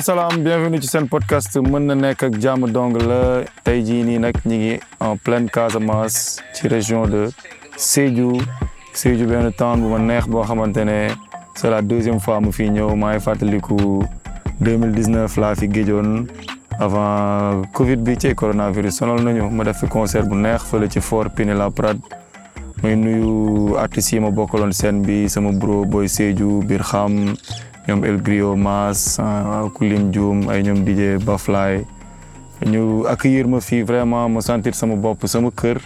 salaam salaam ci seen podcast mën na nekk ak jàmm dong la tey jii nii nag ñi ngi en pleine Casamance ci région de Sédhiou Sédhiou benn temps bu ma neex boo xamante ne c'est la deuxième fois mu fii ñëw maa ngi fàttaliku 2019 laa fi géejoon avant Covid bi ci coronavirus sonal nañu ma def fi concert bu neex fële ci foor Fort la laprade may nuyu artistes ma bokkaloon seen bi sama bro Boy Sédhiou xam ñoom El Griot Mas ah, ku lim ay ñoom DJ Baflay ñu accueillir ma fii vraiment ma sentir sama bopp sama kër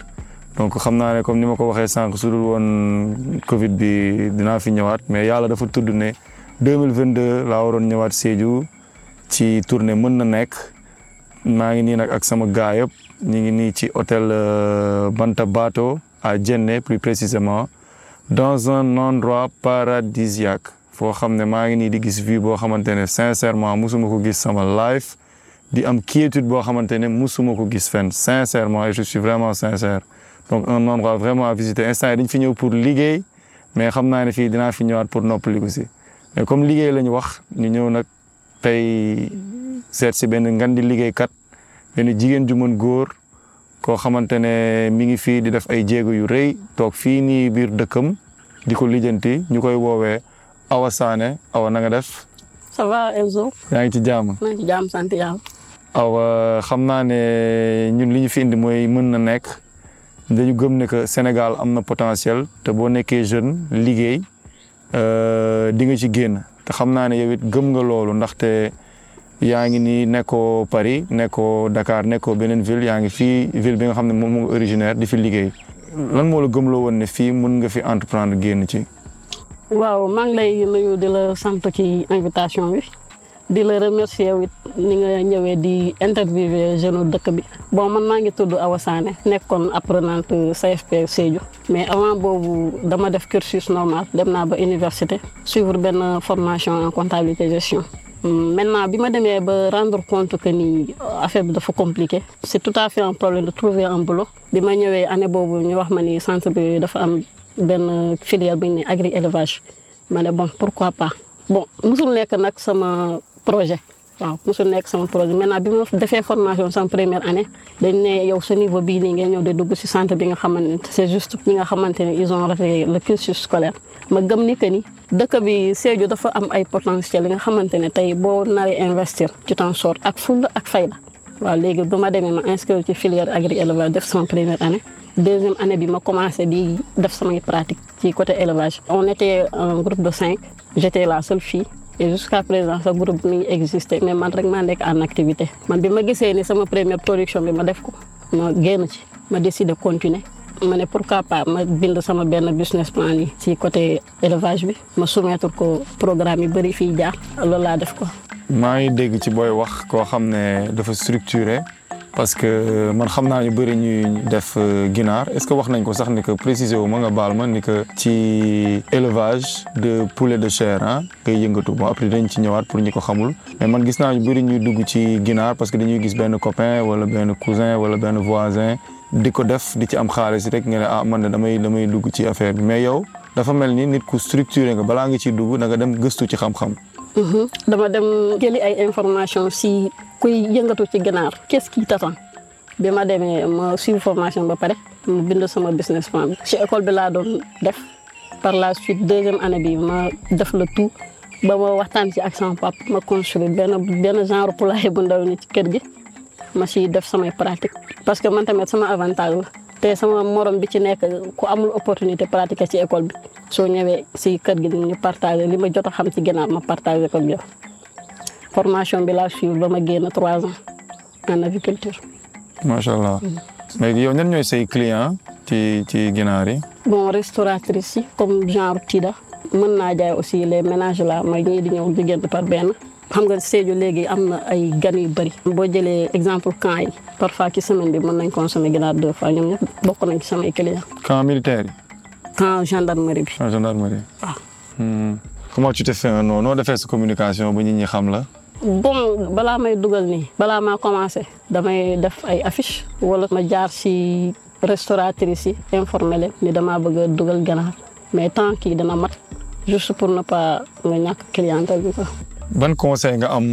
donc xam naa ne comme ni ma ko waxee sànq su woon Covid bi dinaa fi ñëwaat mais yàlla dafa tudd ne 2022 laa waroon ñëwaat Sédhiou ci tournée mën na nekk maa ngi nii nag ak sama gars yëpp ñu ngi nii ci hôtel euh, Banta Bato à Djenné plus précisément dans un endroit paradisiaque. foo xam ne maa ngi nii di gis vie boo xamante ne sincèrement musuma ko gis sama life di am quiétude boo xamante ne musuma ko gis fenn sincèrement et je suis vraiment sincère donc un endroit vraiment a visiter instant yi dañ fi ñëw pour liggéey mais xam naa ne fii dinaa fi ñëwaat pour noppaliku si mais comme liggéey lañu wax ñu ñëw nag tey seet si benn ngan di kat benn jigéen ju mën góor koo xamante ne mi ngi fii di def ay jéego yu rëy toog fii nii biir dëkkam di ko lijjanti ñu koy woowee Awa Sané Awa na nga def. ça yaa ngi ci jàmm. maa ngi Awa xam naa ne ñun li ñu fi mooy mën na nekk dañu gëm ne que Sénégal am na potentiel te boo nekkee jeune liggéey euh, di nga ci génn te xam naa ne yow it gëm nga loolu ndaxte yaa ngi nii nekkoo Paris nekkoo Dakar nekkoo beneen ville yaa ngi fii ville bi nga xam ne moom moo originaire di fi liggéey. lan moo la gëm loo woon ne fii mën nga fi entreprendre génn ci. waaw maa ngi lay nuyu di la sant ci invitation bi di la remercier wit ni nga ñëwee di interviewer jeune dëkk bi bon man maa ngi tudd Awa Sané nekkoon apprenante CFP Sédhiou mais avant boobu dama def cursus normal dem naa ba université suivre benn formation en comptabilité gestion maintenant bi ma demee ba rendre compte que ni affaire bi dafa compliqué c'est tout à fait un problème de trouver un boulot bi ma ñëwee année boobu ñu wax ma ni centre bi dafa am benn filière bi ni ne agri élevage ma ne bon pourquoi pas bon musul nekk nag sama projet waaw musul nekk sama projet maintenant bi ma defee formation sama première année da ne yow sa niveau bi ni nga ñëw de dugg si centre bi nga xamante ne c'est juste ñi nga xamante ne ils ont raté le cursus scolaire ma gëm ni que ni dëkk bi Sédhiou dafa am ay potentiel yi nga xamante ne tey boo naree investir ci temps ak fulla ak fayda waaw léegi bu ma demee ma inscrire ci filière agri élevage def sama première année deuxième année bi ma commencé di def samay pratique ci côté élevage. on était un groupe de cinq j'étais la seule fille. et jusqu'à présent sa groupe mi ngi existé man rek maa nekk en activité ma bi ma gisee ni sama première production bi ma def ko ma génna ci ma décidé continuer ma ne pourquoi pas ma bind sama benn business plan yi ci côté élevage bi ma soumettre ko programme yi bëri fii jaar loolu laa def ko maa ngi dégg ci booy wax koo xam ne dafa structuré parce que euh, man xam naa ñu bëri ñuy def euh, ginaar est-ce que wax nañ ko sax ni que préciser wu ma nga baal ma ni que ci élevage de poulet de chair ah ngay yëngatu bon après ci ñëwaat pour ñi ko xamul man gis naa ñu ñuy dugg ci ginaar parce que dañuy gis benn copain wala benn cousin wala benn voisin di ko def di ci am xaalis rek nga ne ah man de damay damay dugg ci affaire bi mais yow dafa mel ni nit ku structuré nga balaa nga ciy dugg da nga dem gëstu ci xam-xam Mm-hmm. dama dem jëli ay information si kuy yëngatu ci ganaar qu'est-ce qui t'attend bi ma demee ma suivre formation ba pare mu bind sama business plan bi ci école bi laa doon def par la suite deuxième année bi ma def le tout ba ma waxtaan ci ak sama pap ma construire benn benn genre poulailler bu ndaw ni ci kër gi ma si def samay pratique parce que man tamit sama avantage la te sama morom bi ci nekk ku amul opportunité pratiquer ci école bi soo ñëwee si kër gi ñu partager li ma jot a xam ci ginnaaw ma partager ko jox bi laa suivre ba ma génn trois ans en aviculture. macha allah mhm. léegi yow ñan ñooy say client ci ci ginaar yi. bon restauratrice yi comme genre Tida mën naa jaay aussi les ménage la ma ñii ñëw di par benn. xam nga Sédhiou léegi am na ay gan yu bëri. boo jëlee exemple camp yi parfois ci semaine bi mën nañ consommer ginaar deux fois ñoom ñëpp bokk nañ ci samay clients. camp militaire yi. camp gendarmerie bi. camp gendarmerie waaw. Hmm. comment tu te fais noo defee sa communication ba nit ñi xam la. bon balaa may dugal nii. balaa maa commencé damay def ay affiche wala ma jaar si restauratrice yi informé leen ni damaa bëgg a dugal ganaar mais tant kii dana mat juste pour ne pas nga ñàkk clientèle bi quoi. ban conseil nga am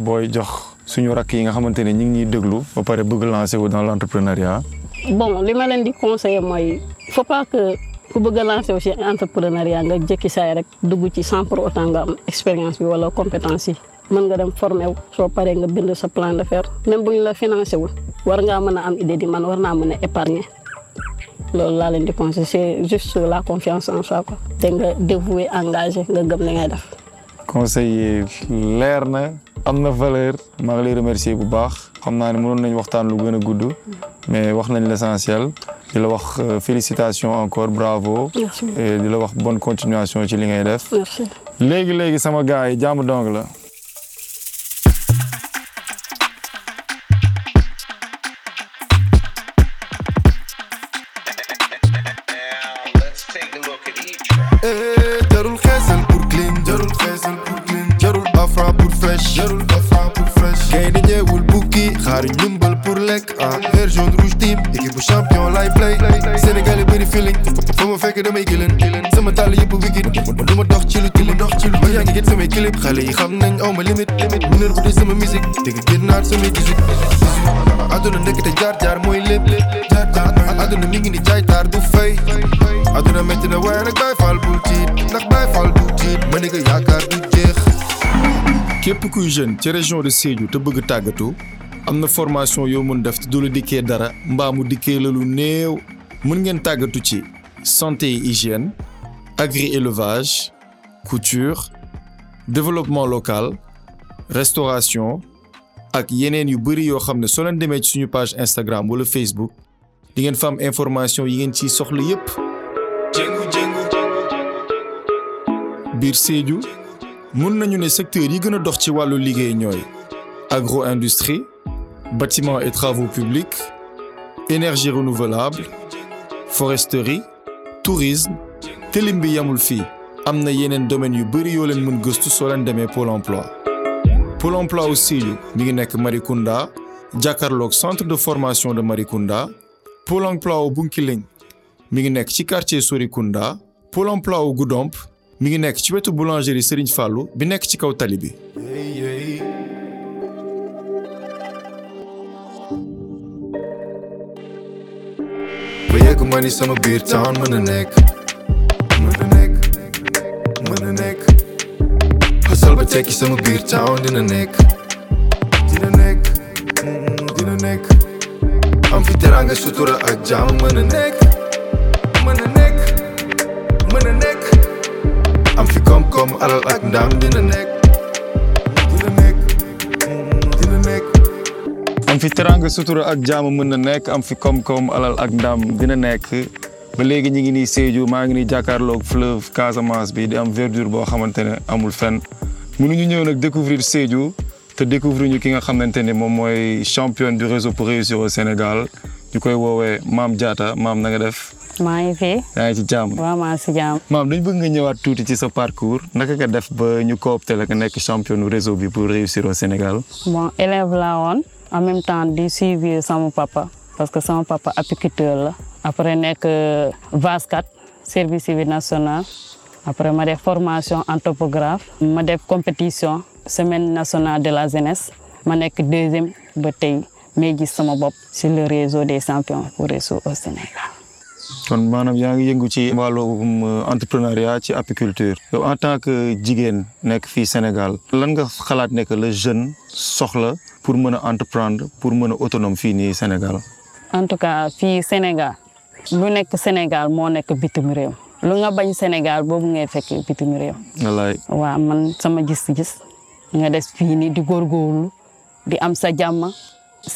booy jox suñu rakk yi nga xamante ne ñu ngi ñuy déglu ba pare bëgg lancer wu dans l' entrepreneuriat. bon li ma leen di conseiller mooy il ku bëgg a lancer wu nga jëkki saay rek dugg ci sans pour autant nga am expérience bi wala compétence yi. mën nga dem formé wu soo paree nga bind sa plan d'affaires même bu ñu la financé wul war ngaa mën a am idée di man war naa mën a épargner loolu laa leen di conseiller c'est juste la confiance en soi te nga dévoué engagé nga gëm li ngay def. conseil yi leer na am na valeur maa ngi lay bu baax xam naa ne mënoon nañ waxtaan lu gën a gudd mais wax nañ l'essentiel di la wax euh, félicitations encore bravo et di la wax bonne continuation ci li ngay def léegi-léegi sama gars yi jàmm dong la naar een jumbal pour lek ah Her zo'n rouge team, Sama talen je weekend, maar doe maar toch chillen chillen Doch chillen, maar jij gaat sama clip Gale je gaat neng, oh mijn limit Meneer wordt sama muziek, tegen kind naar sama muziek Aduna nekkete jaar jaar mooie lip Aduna mingi na waaye nag bijval boel tiit Nag bijval boel tiit, ma nigga yaakaar du jeex képp kuy jeune ci région de Sédhiou te bëgg tàggatu am na formation yoo mun def te du la dikkee dara mbaa mu dikkee la lu néew ngeen tàggatu ci santé et hygiène agri élevage couture développement local restauration ak yeneen yu bëri yoo xam ne soo leen demee ci suñu page Instagram wala Facebook di ngeen fa am yi ngeen ciy soxla yépp jéngu jéngu biir Sédhiou mun nañu ne secteur yi gën a dox ci wàllu liggéey ñooy agro industrie bâtiments et travaux publics, énergie renouvelable, foresterie, tourisme te lim bi yamul fii am na yeneen domaines yu bëri yoo leen mën gëstu soo leen demee Pôle emploi Pôle mi ngi nekk Marikounda jàkkarloog centre de formation de Marikounda Pôle emploi wu Bounkiling mi ngi nekk ci quartier Sorikounda Pôle emploi wu Goudomp mi ngi nekk ci wetu boulangerie Serigne Fallou bi nekk ci kaw tali bi nek Om maar niet samen bier aan mijn nek Mijn nek, mijn nek Hassel betekent samen bier aan in de nek In de nek, in de nek Amfiteranga sutura ajam mijn nek Mijn nek, mijn nek Amfikom kom alal akdam in de nek am fi teranga sutura ak jaamu mën na nekk am fi koom-koom alal ak ndam dina nekk ba léegi ñu ngi nii Sédhiou maa ngi nii jàkkaarloog fleuve Casamance bi di am verdure boo xamante ne amul fenn mënuñu ñëw nag découvrir Sédhiou te découvrir ñu ki nga xamante ne moom mooy championne du réseau pour réussir au Sénégal ñu koy woowee maam jaata maam na nga def. maa ngi fi. yaa ngi ci jàmm. waaw maa bëgg nga ñëwaat tuuti ci sa parcours naka nga def ba ñu coopté la nga nekk championne réseau bi pour réussir Sénégal. en même temps di suivre sama papa parce que sama papa apiculteur la après nekk euh, VASCAT service civique national après ma def formation en ma def compétition semaine nationale de la jeunesse ma nekk deuxième ba tey may gis sama bopp sur le réseau des champions pour réseau au Sénégal. ngi yëngu ci wàllum um, entrepreneuriat ci apiculture. yow en tant que jigéen nekk fii Sénégal lan nga xalaat ne que jeune soxla. pour mën a entreprendre pour mën a autonome fii nii Sénégal. en tout cas fii Sénégal lu nekk Sénégal moo nekk bitim réew lu nga bañ Sénégal boobu ngay fekk bitim réew. wallaay man sama gis-gis nga des fii nii di góorgóorlu di am sa jàmm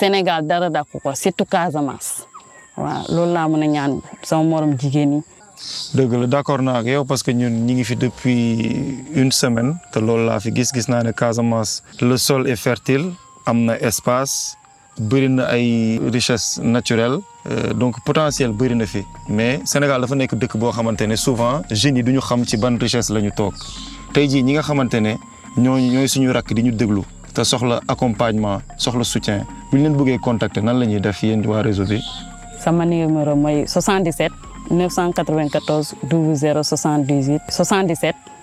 Sénégal dara dàqu ko surtout Casamance waaw loolu laa mën a ñaan sama morom jigéen ñi. la d' naa ak yow parce que ñun ñi ngi fi depuis une semaine te loolu laa fi gis gis naa ne Casamance sol est fertile. am na espace bëri na ay richesse naturelle euh, donc potentiel bëri na fi mais Sénégal dafa nekk dëkk boo xamante ne souvent jeunes yi du ñu xam ci ban richesse la ñu toog tey jii ñi nga xamante ne ñooñu ñooy suñu rakk di ñu déglu te soxla accompagnement soxla soutien bu ñu leen bëggee contacter nan la ñuy def yéen waa réseau bi. sama numéro mooy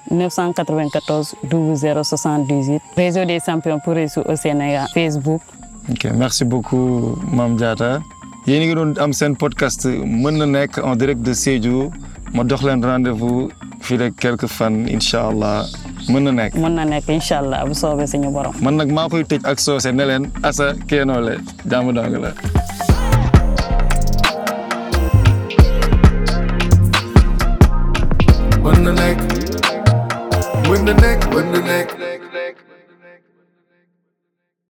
994 00 78 réseau des champions pour réussir au Sénégal Facebook. ok merci beaucoup Mame Diatta yéen ngi doon am seen podcast mën na nekk en direct de Sédhiou ma dox leen rendez-vous fii rek quelques fan incha allah mën na nekk. mën na nekk incha allah bu soobee suñu borom. man nag maa koy tëj ak soose ne leen asa keenoo le jaamu la.